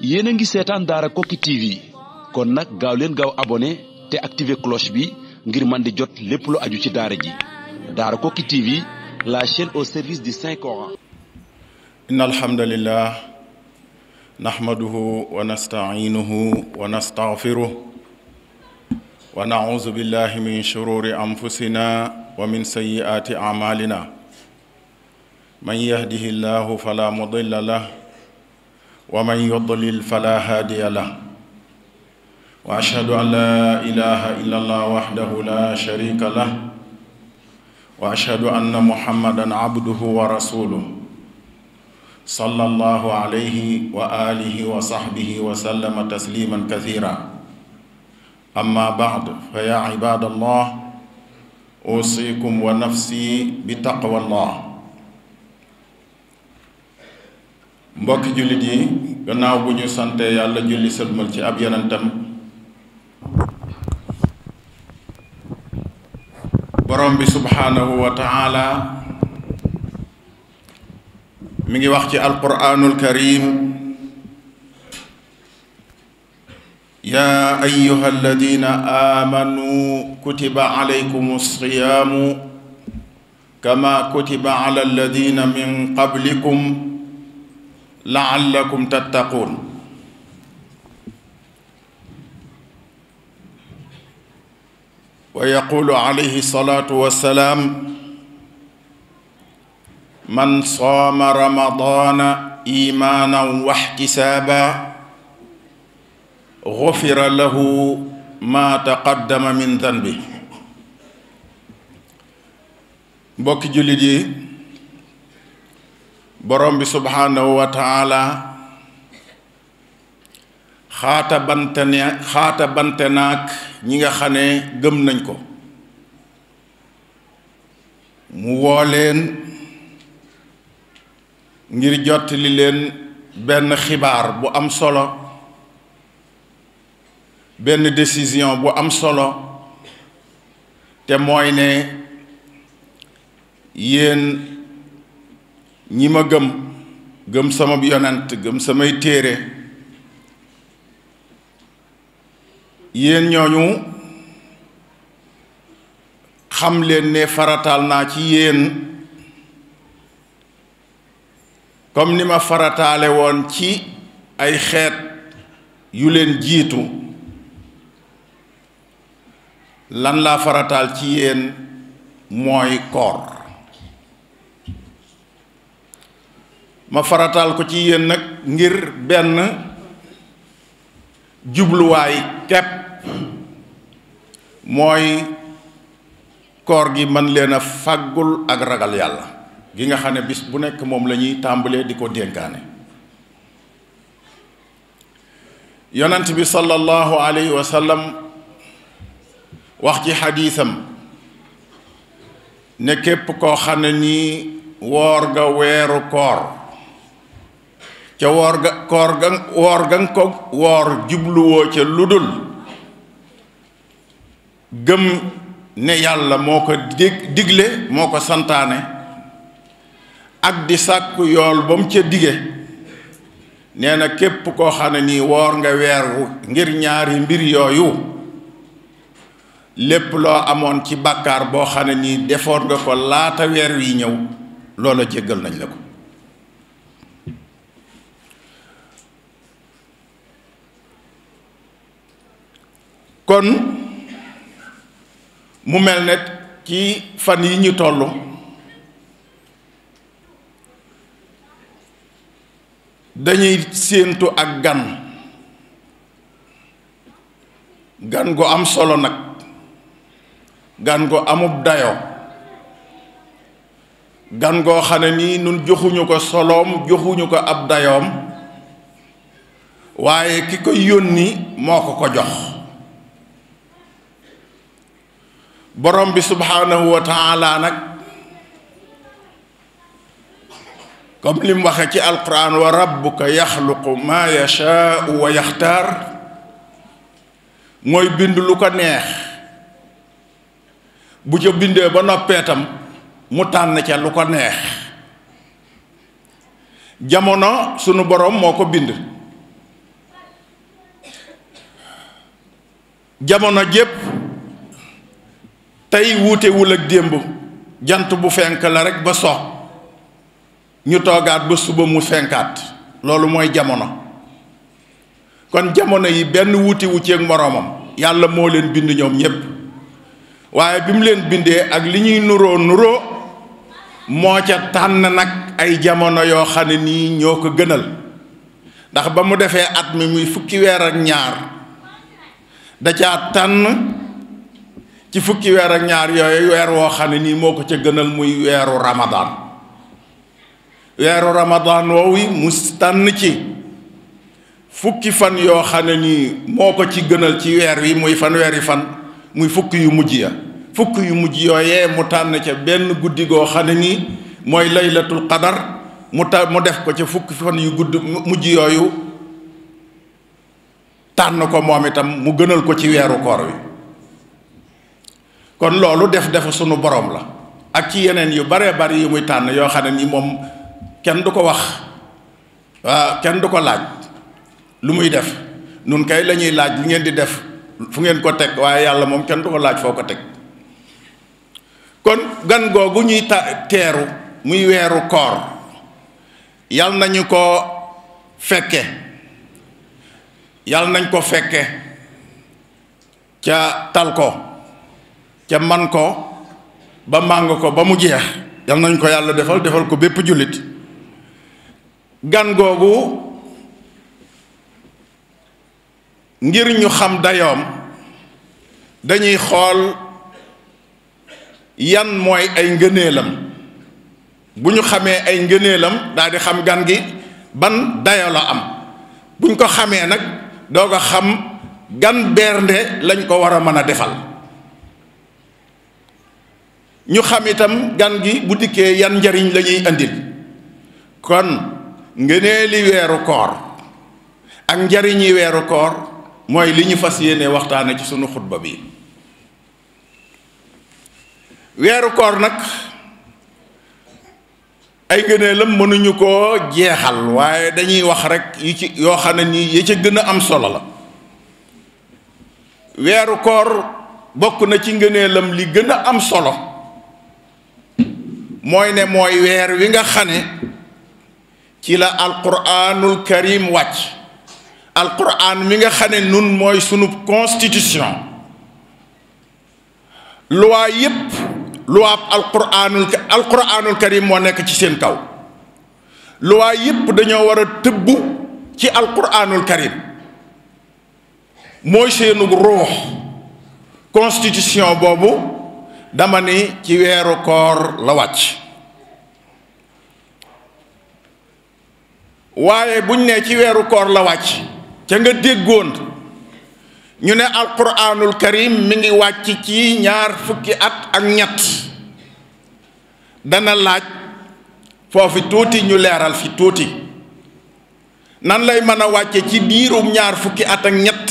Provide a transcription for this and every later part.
yéen a ngi seetaan daara Koki TV kon nag gaaw leen gaaw abonné te activer cloche bi ngir man di jot lépp lu aju ci daara ji daara Koki TV la chaîne au service di Saint Coran inna alhamdulillah nahmaduhu wa nasta'inuhu wa nastaghfiruh wa na'udhu billahi min shururi anfusina wa min sayyiati a'malina ومن يضلل فلا هادي له واشهد ان لا اله الا الله وحده لا شريك له واشهد ان محمدا عبده ورسوله صلى الله عليه واله وصحبه وسلم تسليما كثيرا اما بعد فيا عباد الله اوصيكم ونفسي بتقوى الله mbokki jullit yi gannaaw bu ñu sante yàlla julli sëlmal ci ab yonentam borom bi subhaanahu wa taala mi ngi wax ci alquraanul karim yaa ayuha alladina aamanu kutiba kama kutiba ala min qablikum laallakum tattaquun wa yaqulu alayhi salaatu wassalaam man sooma ramadaana imaanan waxtisaaba gufira lahu maa taqaddama min danbi mbokki jullit yi borom bi subhaanahu wa taala xaata bante na ñi nga xam ne gëm nañ ko mu woo leen ngir jottali leen benn xibaar bu am solo benn décision bu am solo te mooy ne yéen ñi ma gëm gëm sama yonent gëm samay téere yéen ñooñu xam leen ne farataal naa ci yéen comme ni ma farataale woon ci ay xeet yu leen jiitu lan laa farataal ci yéen mooy koor ma faratal ko ci yéen nag ngir benn jubluwaay kepp mooy koor gi man leen a faggul ak ragal yàlla gi nga xam ne bis bu nekk moom lañuy tàmbalee di ko dénkaane yonent bi sallallahu alayhi wa sallam wax ci xadiisam ne képp koo xam ne nii woor nga weeru koor ca woor ga koor ga woor ga nga ko woor jubluwoo ca lu dul gëm ne yàlla moo ko dig digle moo ko santaane ak di sàkku yool ba mu ca dige nee na képp koo xam ne nii woor nga weer ngir ñaari mbir yooyu lépp loo amoon ci bàkkaar boo xane ne nii defoon nga ko laata weer wi ñëw loola jéggal nañ la ko kon mu mel ne ci fan yi ñu toll dañuy séentu ak gan gan gu am solo nag gan gu amub dayo gan goo xam ne nii nun joxuñu ko soloom joxuñu ko ab dayoom waaye ki ko yónni moo ko ko jox borom bi subhaanahu wa taala nag comme li waxe ci alquran wa rabbuka yaxluqu maa yashaau wa yaxtaar mooy bind lu ko neex bu ca bindee ba noppeetam mu tànn ca lu ko neex jamono sunu borom moo ko bind jamono jépp tey wuutewul ak démb jant bu fenk la rekk ba so ñu toogaat ba suba mu fenkaat loolu mooy jamono kon jamono yi benn wuutewu ci ak moroomam yàlla moo leen bind ñoom ñépp waaye bi mu leen bindee ak li ñuy nuroo nuroo moo ca tànn nag ay jamono yoo xam ne nii ñoo ko gënal ndax ba mu defee at mi muy fukki weer ak ñaar da caa tànn ci fukki weer ak ñaar yooyu weer woo xam ne nii moo ko ca gënal muy weeru ramadaan weeru ramadaan woowu mu tànn ci fukki fan yoo xam ne nii moo ko ci gënal ci weer wi muy fan weeri fan muy fukki yu mujj ya fukki yu mujj yooyee mu tànn ca benn guddi goo xam mooy laylatul qadar mu mu def ko ca fukki yu gudd mujj yooyu tànn ko moom itam mu gënal ko ci weeru koor wi kon loolu def defa sunu borom la ak ci yeneen yu baree bari yu muy tànn yoo xam ne nii moom kenn du ko wax waaw ah, kenn du ko laaj lu muy def nun kay lañuy laaj li ngeen di def fu ngeen ko teg waaye yàlla moom kenn du ko laaj foo ko teg kon gan googu ñuy ta teeru muy weeru koor yal nañu ko fekke yal nañ ko fekke ca talko ca man ko ba màng ko ba mu jeex yal nañ ko yàlla defal defal ko bépp jullit gan googu ngir ñu xam dayoom dañuy xool yan mooy ay ngëneelam bu ñu xamee ay ngëneelam daal xam gan gi ban dayo la am buñ ko xamee nag doo ko xam gan bernde lañ ko war a mën a defal ñu xam itam gan gi bu dikkee yan njariñ lañuy ñuy andil kon ngëneeli weeru koor ak njariñi weeru koor mooy li ñu fas yéene waxtaane ci sunu xutba bi weeru koor nag ay ngëneelam mënuñu koo jeexal waaye dañuy wax rekk yi ci yoo xam ne yi ci gën a am solo la weeru koor bokk na ci ngëneelam li gën a am solo mooy ne mooy weer wi nga xane ci la alquranul karim wàcc alquran mi nga xam ne nun mooy sunu constitution loi yépp loi alquranul alquranul karim moo nekk ci seen kaw loi yépp dañoo war a tëbb ci alquranul karim mooy seenu ruux constitution boobu dama ni ci weeru koor la wàcc waaye buñ ne ci weeru koor la wàcc ca nga déggoon ñu ne alquranul karim mu ngi wàcc ci ñaar fukki at ak ñett dana laaj foofu tuuti ñu leeral fi tuuti nan lay mën a wàcce ci biirum ñaar fukki at ak ñett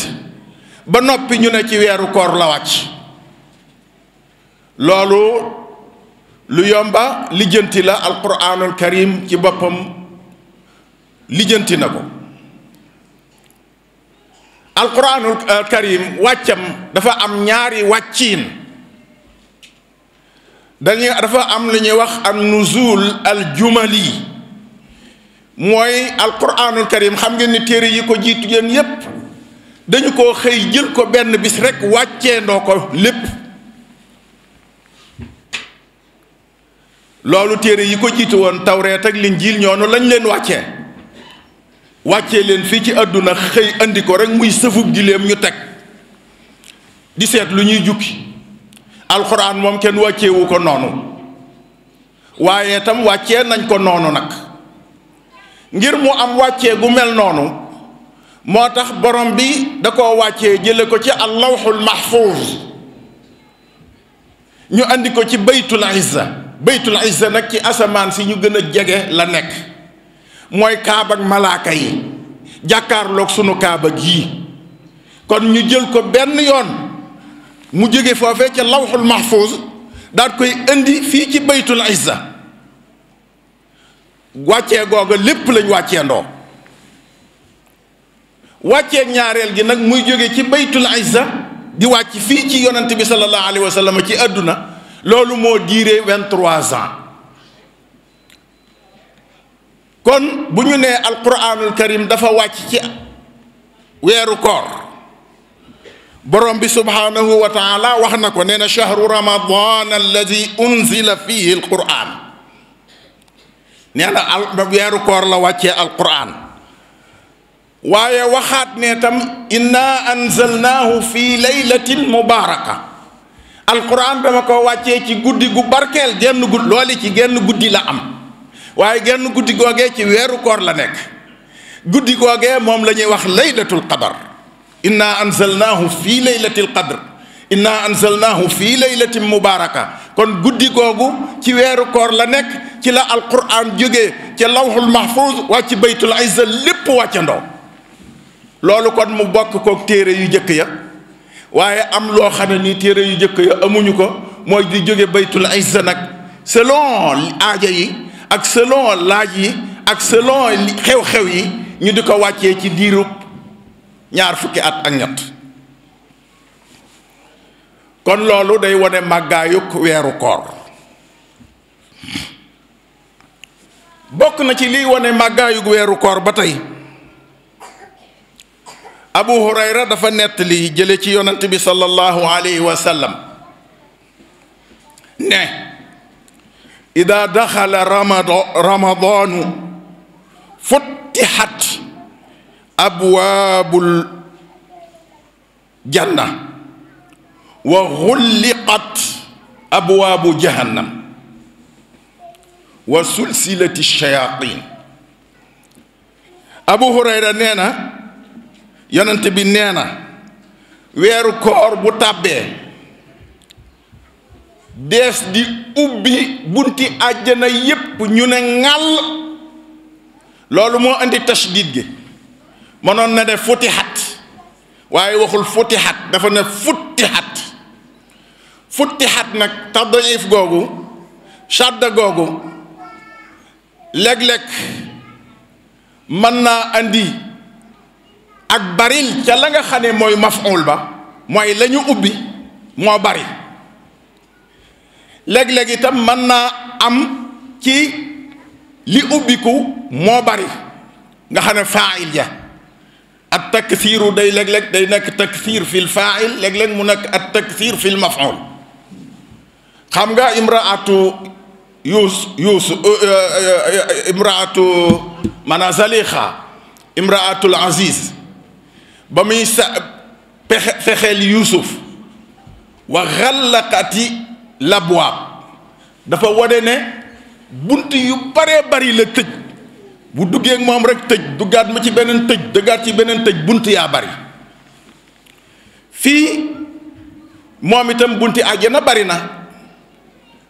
ba noppi ñu ne ci weeru koor la wàcc loolu lu yomba lijjanti la alquranul karim ci boppam lijjanti na ko alquranul euh, karim wàccam dafa am ñaari wàccin dañuy dafa am lu ñuy wax an nuzul al jumali mooy alquranul karim xam ngeen ni téere yi ko jiitu yéen yépp dañu ko xëy jël ko benn bis rekk wàcceendoo ko lépp loolu téere yi ko jiitu woon tawreet ak linjiil ñoonu lañ leen wàcce wàcce leen fii ci àdduna xëy andi ko rek muy sëfub giléem ñu teg di seet lu ñuy jukki alxuraan moom kenn wàccewu ko noonu waaye tam wàcce nañ ko noonu nag ngir mu am wàcce gu mel noonu moo tax borom bi da koo wàccee jële ko ci allawxul mahfuuz ñu andi ko ci baytul izza baytul izza nag ci asamaan si ñu gën a jege la nekk mooy kaaba malaaka yi jàkkaarloog sunu kaaba gii kon ñu jël ko benn yoon mu jóge foofee ca lawxul mahfuz daat koy indi fii ci baytul izza wàccee googa lépp lañ wàccee ndoo wàccee ñaareel gi nag muy jóge ci baytul izza di wàcc fii ci yonent bi sallallahu alayhi wa ci àdduna loolu moo diire vingt-trois ans kon bu ñu nee alquranul karim dafa wàcc ci weeru koor borom bi subhaanahu wa wax na ko nee na chahru ramadan alladi unzila fihi alquran nee na weeru koor la wàccee alquran waaye waxaat ne tam inna anzalnaahu fi laylatin mubaraka alquran dama ko wàccee ci guddi gu barkeel genn guddi loolu ci genn guddi la am waaye genn guddi googee ci weeru koor la nekk guddi googee moom la ñuy wax laylatul qadar inna anzalnaahu fii laylatil qadr inna anzalnaahu fii laylatin mubaraka kon guddi googu ci weeru koor la nekk ci la alquran jóge ca lawhul mahfuz ci baytul izza lépp wàccandoo loolu kon mu bokk kook téere yu jëkk ya waaye am loo xam ne nii téere yu jëkk ya amuñu ko mooy di jóge baytul izza nag selon aaja yi ak selon laaj yi ak selon xew-xew yi ñu di ko wàccee ci diirub ñaar fukki at ak ñett kon loolu day wone màggaayuk weeru koor bokk na ci liy wone màggaayuk weeru koor ba tey abu hurayra dafa nettali jële ci yonent bi sallallahu alayhi wa sallam ne ida daxala ramado ramadaanu futtixat abwaabul janna wa xulliqat abwaabu jahannam wa sulsilati shayatin abu hurayra nee na yonent bi nee na weeru koor bu tàbbee dees di ubbi bunti àjjana yépp ñu ne ŋàll loolu moo indi tashdid gi mënoon na ne futixat waaye waxul futixat dafa ne futtixat futtixat nag tadif googu shadda googu léeg-léeg mën naa indi ak baril ca la nga xam mooy maf'ul ba mooy la ubbi moo bari léeg-léeg itam mën naa am ci li ubbiku moo bari nga xam ne faa'il ja at taksiiru day léeg-léeg day nekk taksiir fil faa'il léeg-léeg mu nekk at taksiir fil maf'ul xam nga imraatu yuus yuusu euh, euh, euh, imraatu mana zalixa imraatul aziz ba muy sa pexe fexeel yuusuf wa xallaqati labwaab dafa wode ne bunt yu baree bari la tëj bu duggee ak moom rek tëj duggaat ma ci beneen tëj duggaat ci beneen tëj bunt yaa bari fii moom itam bunti àjjana bari na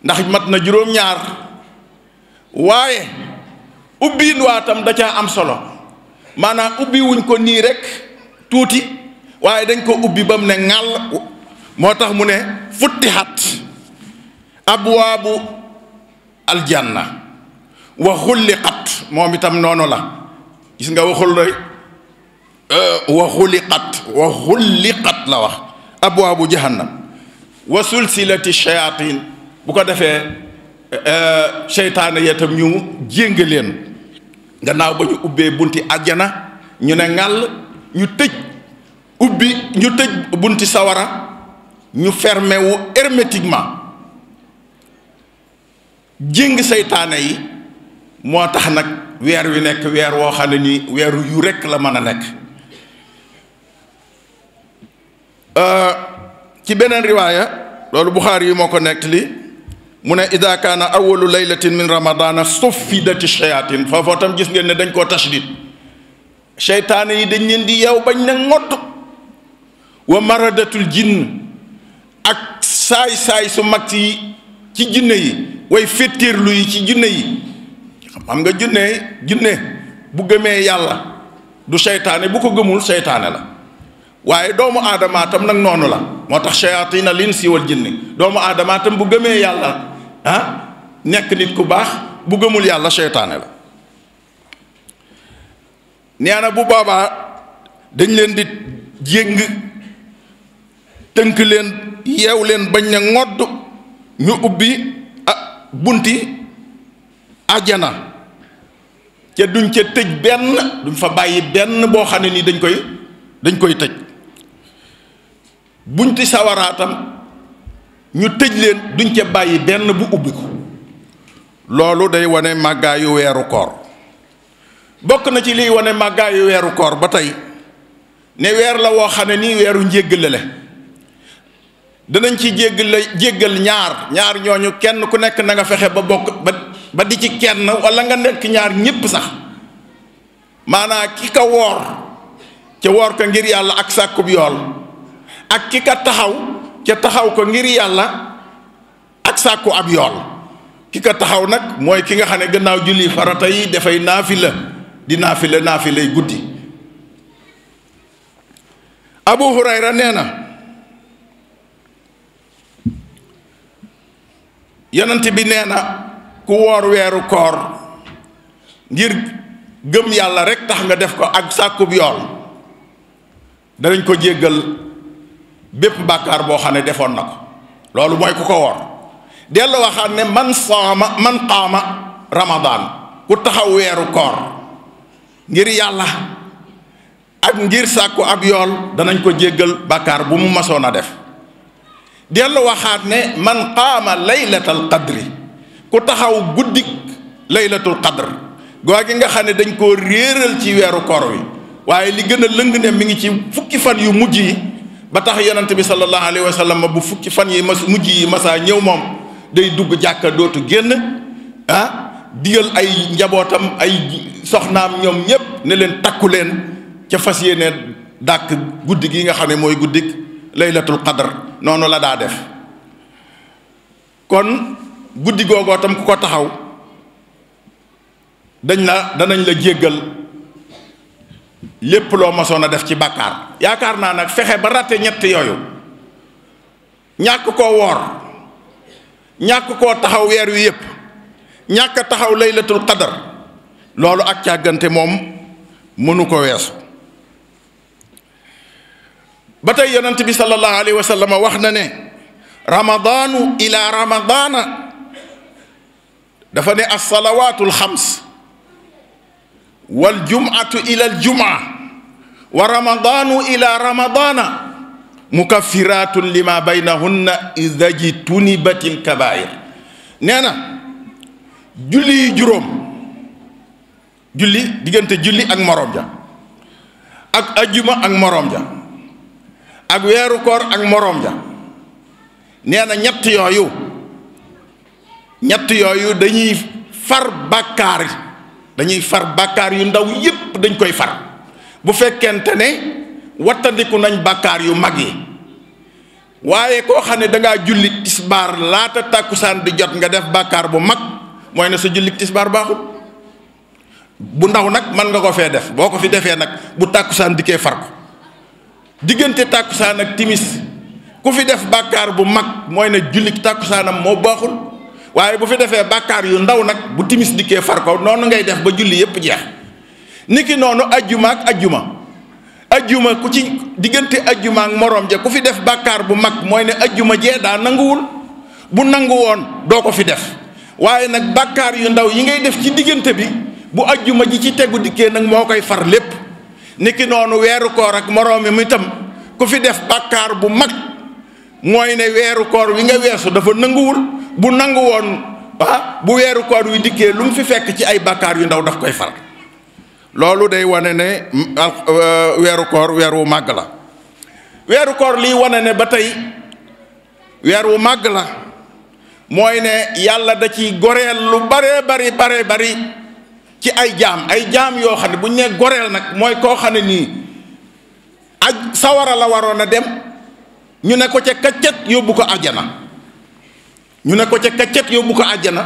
ndax mat na juróom-ñaar waaye ubbiin waatam da caa am solo maanaa ubbi ko nii rekk tuuti waaye dañ ko ubbi ba mu ne ŋàll moo tax mu ne futtihat abwaabu aljanna wa xulliqat moom itam noonu la gis nga waxul euh, lay wa xulliqat la wax abwaabu jahannam wa sulsilati shayatin bu ko defee euh, seytaane ya itam ñu jéng leen gannaaw ba ñu ubbee bunti àjjana ñu ne ŋàll ñu tëj ubbi ñu tëj bunti sawara ñu fermé wu hermétiquement jéng seytaane yi moo tax nag weer wi nekk weer woo xam ne nii weeru yu rekk la mën a nekk euh, ci beneen riwaaya loolu buxaari yi moo ko nekk li mu ne ida kaana awalu laylatin min ramadana suffidati shayatin foofu tam gis ngeen ne dañ koo tashdid seytaane yi dañ leen di yeew bañ ne ngott wa maradatul jinn ak saay-saay su mag yi ci jinne yi way féttéerlu yi ci jinne yi xam nga jinne jinne bu gëmee yàlla du seytaane bu ko gëmul seytaane la waaye doomu aadamaatam tam nag noonu la moo tax shayatina lin si wal jinne doomu aadamaatam bu gëmee yàlla ah, nekk nit ku baax bu gëmul yàlla seytaane la nee bu boobaa dañ leen di jéng tënk leen yeew leen bañ na ngodd ñu ubbi ah bunti ajana ca duñ ca tëj benn duñ fa bàyyi benn boo xam ne nii dañ koy dañ koy tëj bunti sawaraatam ñu tëj leen duñ ca bàyyi benn bu ubbi ko loolu day wane màggaayu weeru koor bokk na ci liy wane màggaayu weeru koor ba tey ne weer la woo xam ne nii weeru njéggale la danañ ci jéggale jéggal ñaar ñaar ñooñu kenn ku nekk nanga fexe ba bokk ba di ci kenn wala nga nekk ñaar ñépp sax maanaa ki ka woor ca woor ko ngir yàlla ak sàkkub yool ak ki taxaw ca taxaw ko ngir yàlla ak sàkku ab yool ki ka taxaw nag mooy ki nga xam ne gannaaw julli farata yi dafay naafi la di naafile naafilay guddi abu hurayra nee na yonent bi nee na ku woor weeru koor ngir gëm yàlla rekk tax nga def ko ak sàkkub yoon danañ ko jéggal bépp bàkkaar boo xam ne defoon na ko loolu mooy ku ko woor dellu waxaat ne man saama man qaama ramadaan ku taxaw weeru koor ngir yàlla ak ngir sàkku ab yool danañ ko jéggal bàkkaar bu mu masoon a def dellu waxaat ne man qaama laylatal qadri ku taxaw guddik laylatul qadr goo gi nga xam ne dañ koo réeral ci weeru kor wi waaye li gën a lëng ne mi ngi ci fukki fan yu mujj yi ba tax yonent bi sallallahu alayhi wa bu fukki fan yi mas mujj yi masaa ñëw moom day dugg jàkka dootu génn ah, digal ay njabootam ay soxnaam ñoom ñépp ne leen takku leen ca fas yéene dàq guddi gi nga xam ne mooy guddi laylatul qadr noonu la daa def kon guddi googoo tam ku ko taxaw dañ la danañ la jéggal lépp loo masoon a def ci bàkkaar yaakaar naa nag fexe ba ràtte ñett yooyu ñàkk koo woor ñàkk koo taxaw weer wi yépp ñàkk a taxaw laylatul qadar loolu ak càggante moom mënu ko weesu ba tey yonent bi sallallahu alayhi wa wax na ne ramadaanu ila ramadaana dafa ne assalawaatul xams wal jumatu ila al jumaa wa ramadaanu ila ramadaana mukaffiratun lima baynahunna ida jitunibatil kabair nee na julli juróom julli diggante julli ak moroom ja ak ajjuma ak moroom ja ak weeru koor ak moroom ja nee na ñett yooyu ñett yooyu dañuy far bàkkaar dañuy far bàkkaar yu ndaw yépp dañ koy far bu fekkente ne wattandiku nañ bàkkaar yu mag yi waaye koo xam ne dangaa julli tisbaar laata tàkkusaan di jot nga def bàkkaar bu mag mooy ne sa jullit tisbaar baaxul bu ndaw nag mën nga ko fee def boo ko fi defee nag bu tàkkusaan dikkee far ko diggante tàkkusaan ak timis ku fi def bàkkaar bu mag mooy ne jullit tàkkusaanam moo baaxul waaye bu fi defee bàkkaar yu ndaw nag bu timis dikkee far ko noonu ngay def ba julli yépp jeex niki noonu ajjuma ak ajjuma ajjuma ku ci diggante ajjuma ak moroom ja ku fi def bàkkaar bu mag mooy ne ajjuma jee daa nanguwul bu nangu woon doo ko fi def waaye nag bàkkaar yu ndaw yi ngay def ci diggante bi bu ajjuma ji ci tegu dikkee nag moo koy far lépp niki noonu weeru koor ak moroomi itam ku fi def bàkkaar bu mag mooy ne weeru koor wi nga weesu dafa nanguwul bu nangu woon ah, bu weeru koor wi dikkee lu mu fi fekk ci ay bàkkaar yu ndaw daf koy far loolu day wane ne mm, euh, weeru koor weer wu màgg la weeru koor lii wane ne ba tey weer wu màgg la mooy ne yàlla da ci goreel lu bare bari bare bari ci ay jaam ay jaam yoo xam ne bu ñu nee goreel nag mooy koo xam ne nii ak sawara la waroon a dem ñu ne ko ca kaccet yóbbu ko àjjana ñu ne ko ca kaccet yóbbu ko àjjana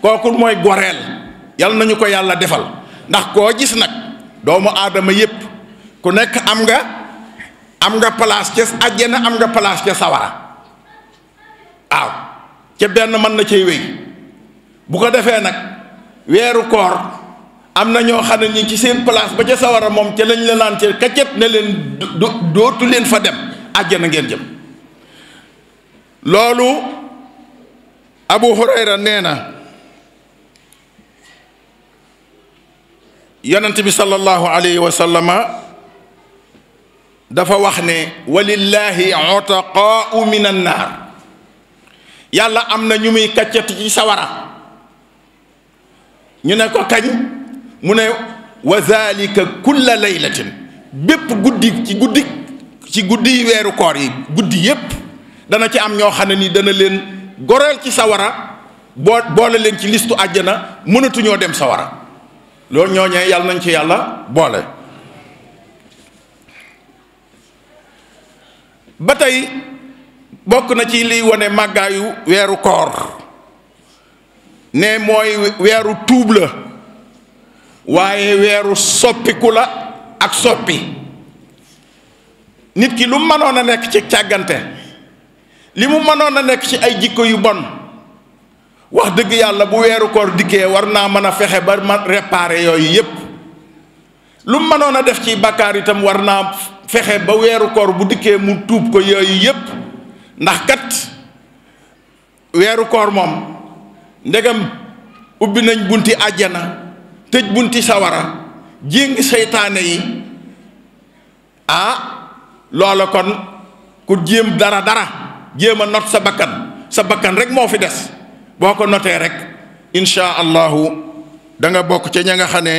kooku mooy goreel yàlla nañu ko yàlla defal ndax koo gis nag doomu aadama yépp ku nekk am nga am nga place ca àjjana am nga place ca sawara ca benn mën na cay wéy bu ko defee nag weeru koor am na ñoo xam ne ñi ci seen place ba ca sawara moom ca lañ la naan ca kaccet ne leen dootu leen fa dem àjjana ngeen jëm loolu abu hurayra nee na yonent bi sallallahu alayhi wa dafa wax ne walillahi utaqaau min annaar yàlla am na ñu muy kaccatu ci sawara ñu ne ko kañ mu ne wa zalika kulla laylatin bépp guddi ci guddi ci guddi weeru koor yi guddi yépp dana ci am ñoo xam ne nii dana leen goreel ci sawara boo boole leen ci listu àjjana mënatuñoo dem sawara loolu ñooñee yàlla nañ ci yàlla boole ba tey bokk na ci liy wone màggaayu weeru koor ne mooy weeru tuub la waaye weeru soppiku la ak soppi nit ki lu mënoon a nekk ci càggante li mu mënoon a nekk ci ay jikko yu bon wax dëgg yàlla bu weeru koor dikkee war naa mën a fexe ba ma réparer yooyu yépp lu mënoon a def ci bàkkaar itam war naa fexe ba weeru koor bu dikkee mu tuub ko yooyu yépp ndax kat weeru koor moom ndegam ubbi nañ bunti àjjana tëj bunti sawara jéngi seytaane yi ah loola kon ku jéem dara dara jéem a not sa bakkan sa bakkan rek moo fi des boo ko notee rek insha allahu da bokk ca ña nga xam ne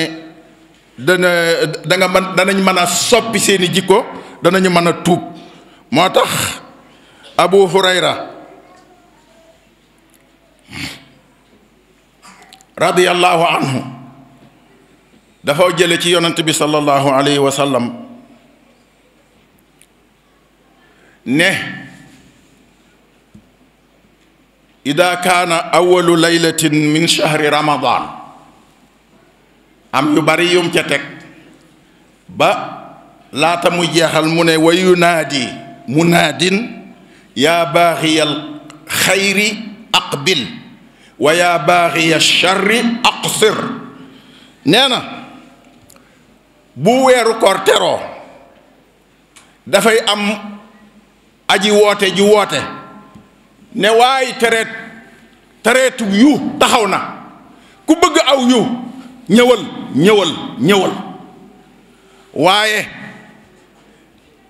dana da nga mën danañ mën a soppi seeni jikko danañu mën a tuub moo tax abu hurayra radiyallahu anhu dafa jële ci yonent bi sallallahu alayhi ne ida kaana awalu laylatin min shahri ramadan am yu bari yum ca ba laata mu jeexal mu ne wa yunaadi munaadin yaa baaxiyal xayri aqbil wa yaa baaxiya charri aqsir nee na bu weeru koor teroo dafay am aji woote ji woote ne waay tereet tereetu yu taxaw na ku bëgg aw yu ñëwal ñëwal ñëwal waaye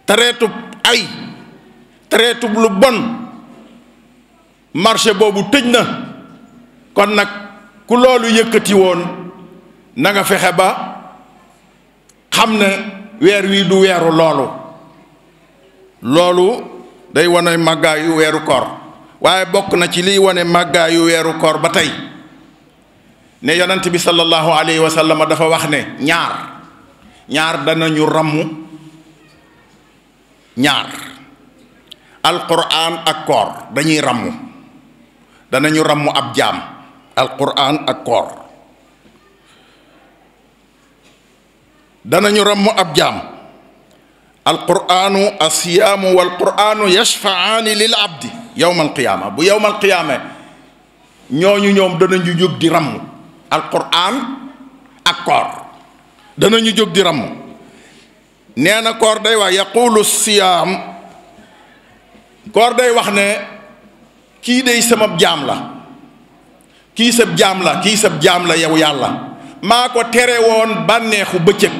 tereetu ay traitub lu bon marché boobu tëj na kon nag ku loolu yëkkati woon nanga fexe ba xam ne weer wii du weeru loolu loolu day wane màggaayu weeru koor waaye bokk na ci liy wane màggaayu weeru koor ba tey ne yonent bi sallallahu alayhi wa sallam dafa wax ne ñaar ñaar danañu ràmm ñaar alquran ak koor dañuy ràmmu danañu ràmmu ab jaam alquran ak koor danañu ràmmu ab jaam alquranu asiyaamu walquranu yashfaani lil abdi yowmal qiyaama bu yowmal qiyaama ñooñu ñoom danañu jóg di ràmmu alquran ak koor ñu jóg di ràmmu nee na koor day wax yaqulu siyaam koor day wax ne kii day sama jaam la kii sab jaam la kii sab jaam la yow yàlla maa ko tere woon bànneexu bëccëg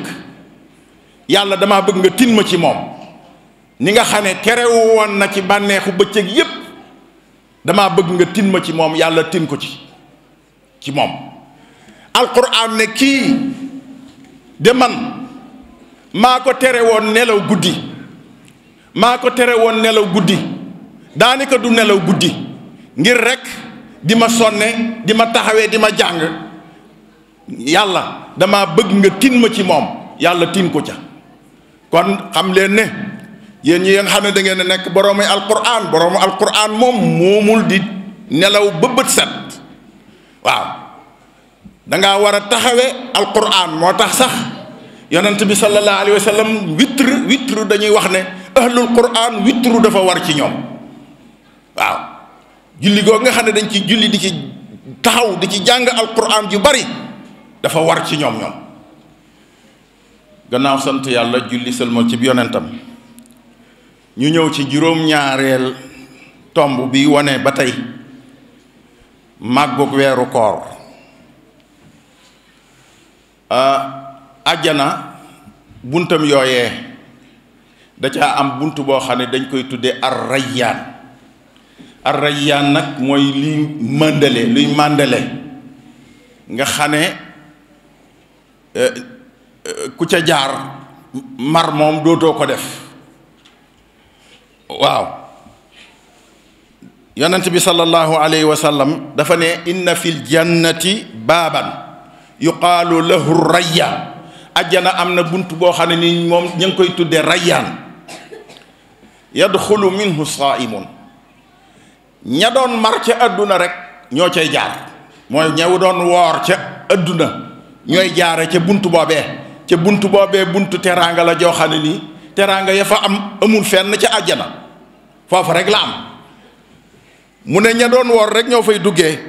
yàlla dama bëgg nga tin ma ci moom ni nga xam ne terewu woon na ci bànneexu bëccëg yépp damaa bëgg nga tin ma ci moom yàlla tin ko ci ci moom alquran ne kii de man maa ko tere woon nelaw guddi maa ko tere woon nelaw guddi daanaka du nelaw guddi ngir rekk di ma sonne di ma taxawee di ma jàng yàlla dama bëgg nga tin ma ci moom yàlla tin ko ca kon xam leen ne yéen yu nga xam ne da ngeen a nekk boroomi alquran boroomu alquran moom moomul di nelaw ba bët set waaw dangaa war a taxawe alquran moo tax sax yonent bi sallallahu alayhi wa sallam witr witr dañuy wax ne ahlul quran witr dafa war ci ñoom waaw julli googu nga xam ne dañ ci julli di ci taxaw di ci jàng alquran ju bari dafa war ci ñoom ñoom gannaaw sant yàlla julli sëlmal ci yonentam ñu ñëw ci juróom-ñaareel tomb bi wane ba tey màggug weeru koor ajjana buntam yooye da caa am bunt boo xam ne dañ koy tuddee ar arrayaan nag mooy luy mandale luy mandale nga xane euh, euh, ku ca jaar mar moom dootoo ko def waaw yonent bi sallallahu alayhi wa sallam dafa ne inna fil jannati baaban yuqaalu lahu rayyaan ajjana am na bunt boo xam ne ni moom ña ngi koy tudde rayyaan yadxulu minhu saaimun ña doon mar ca adduna rek ñoo cay jaar mooy ñaw doon woor ca adduna ñooy jaare ca bunt boobee ca bunt boobee buntu teraanga la joo xam ne teraanga ya fa am amul fenn ca àjjana foofu rek la am mu ne ña doon woor rek ñoo fay duggee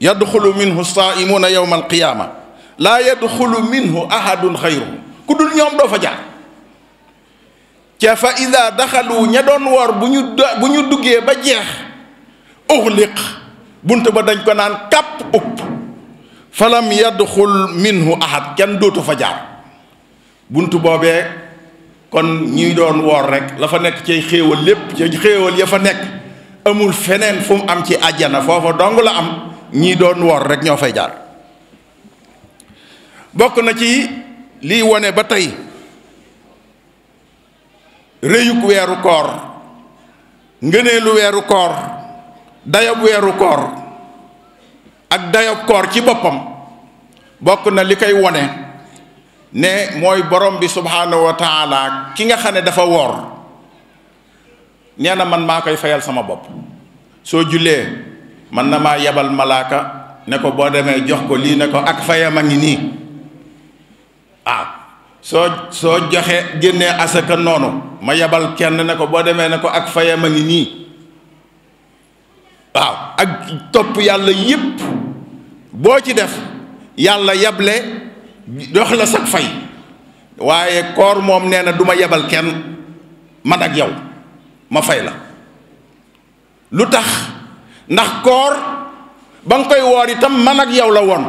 yadxulu minhu saaimuuna yowma alqiyaama laa yadxulu minhu ahadun xayruhu ku dul ñoom doo fa jaar ca fa ida daxalu ña doon woor ñu bu ñu duggee ba jeex uxliq bunt ba dañ ko naan kàpp upp falam yadxul minhu ahad kenn dootu fa jaar bunt boobee kon ñi doon woor rek la fa nekk cay xéewal lépp ca xéewal ya fa nekk amul feneen fu am ci àjjana foofa dong la am ñii doon woor rek ñoo fay jaar bokk na ci liy wone ba tey réyuk weeru koor ngëneelu weeru koor dayob weeru koor ak dayob koor ci boppam bokk na li koy wone ne mooy borom bi subhaanahu wa taala ki nga xam ne dafa woor nee na man maa koy fayal sama bopp soo jullee man na maa yebal malaaka ne ko boo demee jox ko lii ne ko ak fayam a ngi nii ah soo soo joxe génnee asaka noonu ma yebal kenn ne ko boo demee ne ko ak fayam a ngi nii waaw ak topp yàlla yépp boo ci def yàlla yable dox la sag fay waaye koor moom nee na duma ma yebal kenn man ak yow ma fay la lu tax ndax koor ba nga koy woor itam man ak yow la woon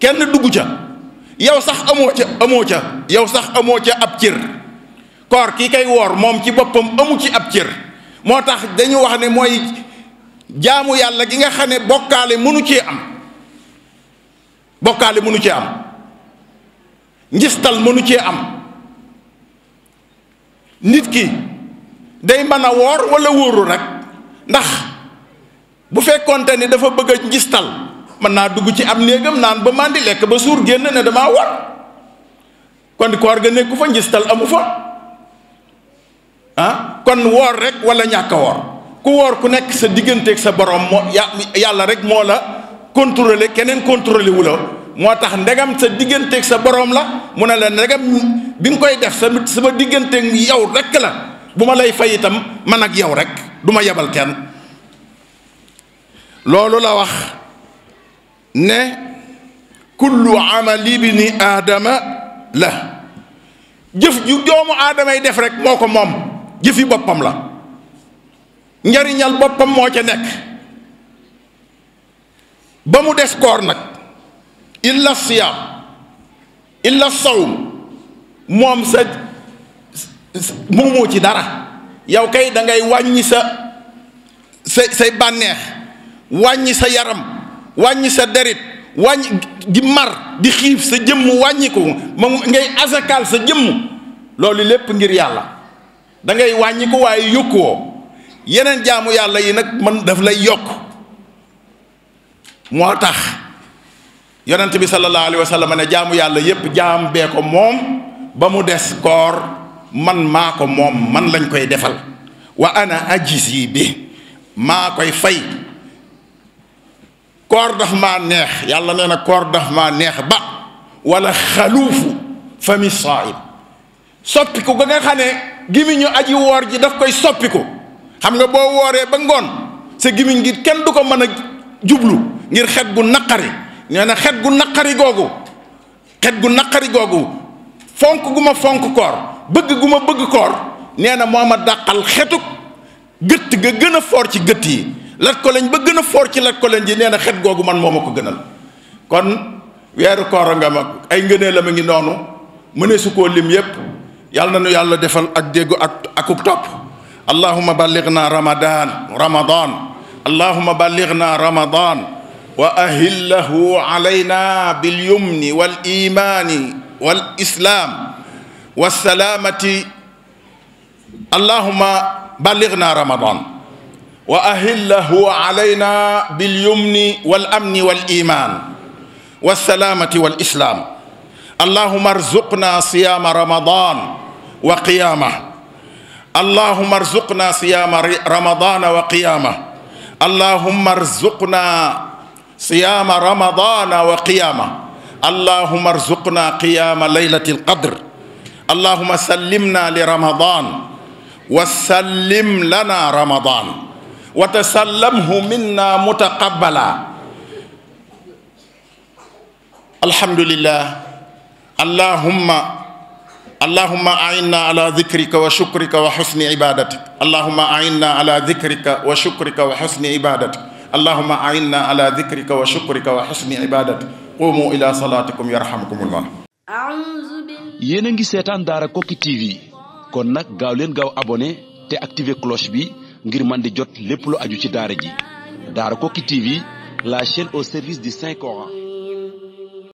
kenn dugg ca yow sax amoo ca amoo ca yow sax amoo ca ab cër koor ki kay woor moom ci boppam amu ci ab cër moo tax dañu wax ne mooy jaamu yàlla gi nga xam ne bokkaale mënu cee am bokkaale mënu cee am njistal mënu cee am nit ki day mën a woor walla wóoru rek ndax bu fekkonte ni dafa bëgg njistal mën naa dugg ci am néegam naan ba màndi lekk ba suur génn ne damaa woor kon koor ga nekku fa njistal amu fa ah kon woor rek wala ñàkk woor ku woor ku nekk sa digganteek sa borom moo yàlla rek moo la contrôlé keneen contrôlé wu la moo tax ndegam sa digganteeg sa boroom la mu ne la ndegam bi nga koy def sa sama digganteeg yow rek la bu ma lay fay itam man ak yow rek du ma yebal kenn loolu la wax ne kullu amali ibni adama la jëf ju doomu aadama yi def rek moo ko moom jëfi boppam la njariñal boppam moo ca nekk ba mu des koor nag illa siyaam illa sow moom sa moomoo ci dara yow kay dangay wàññi sa sa say bànneex wàññi sa yaram wàññi sa derit wàññi di mar di xiif sa jëmm wàññi ko moom ngay azakal sa jëmm loolu lépp ngir yàlla dangay ngay wàññi ko waaye yokkuwoo yeneen jaamu yàlla yi nag man daf lay yokk moo tax yonent bi sallallahu alayhi wa sallam ne jaamu yàlla yépp jaam bee ko moom ba mu des koor man maa ko moom man lañ koy defal wa ana ajisi bi maa koy fay koor daf maa neex yàlla nee na koor daf maa neex ba wala xaluufu fami saim soppiku ga nga xam ne gimi aji woor ji daf koy soppiku xam nga boo wooree ba ngoon sa gémmiñ gi kenn du ko mën a jublu ngir xet gu naqari nee na xet gu naqari googu xet gu naqari googu fonk gu ma fonk koor bëgg gu ma bëgg koor nee na moo ma dàqal xetuk gëtt ga gën a foor ci gëtt yi lat ko lañ ba gën foor ci lat ko lañ ji nee na xet googu man moo ma ko gënal kon weeru koor nga ma ay ngënee la ma ngi noonu mënee su koo lim yépp yàlla na nu yàlla defal ak déggu ak akub topp اللهم بلغنا رمضان رمضان اللهم بلغنا رمضان وأهله علينا باليمن والإيمان والإسلام والسلامة اللهم بلغنا رمضان وأهله علينا باليمن والأمن والإيمان والسلامة والإسلام اللهم ارزقنا صيام رمضان وقيامه allahumma arzuqna siyaama ramadana wa qiyaama allahumma arzuqna siyaama ramadana wa qiyaama allahumma arzuqna qiyaama laylati alqadr allahumma sallimna li ramadan wa sallim lana ramadan wa tasallamhu minna mutaqabbala alhamdulillah allahumma allahuma ainna ala dikrika wa shukrika wa xusni ibadatik allahuma ainna ala dikrika wa shukrika wa xusni ibadatik allahuma ainna ala dikrika wa shukrika wa xusni ibadatik qumu ila salatikum yarhamukumullah yéen a ngi seetaan daara Koki TV kon nag gaaw leen gaaw abonné te activer cloche bi ngir man di jot lépp lu aju ci daara ji daara Koki TV la chaîne au service du Saint Coran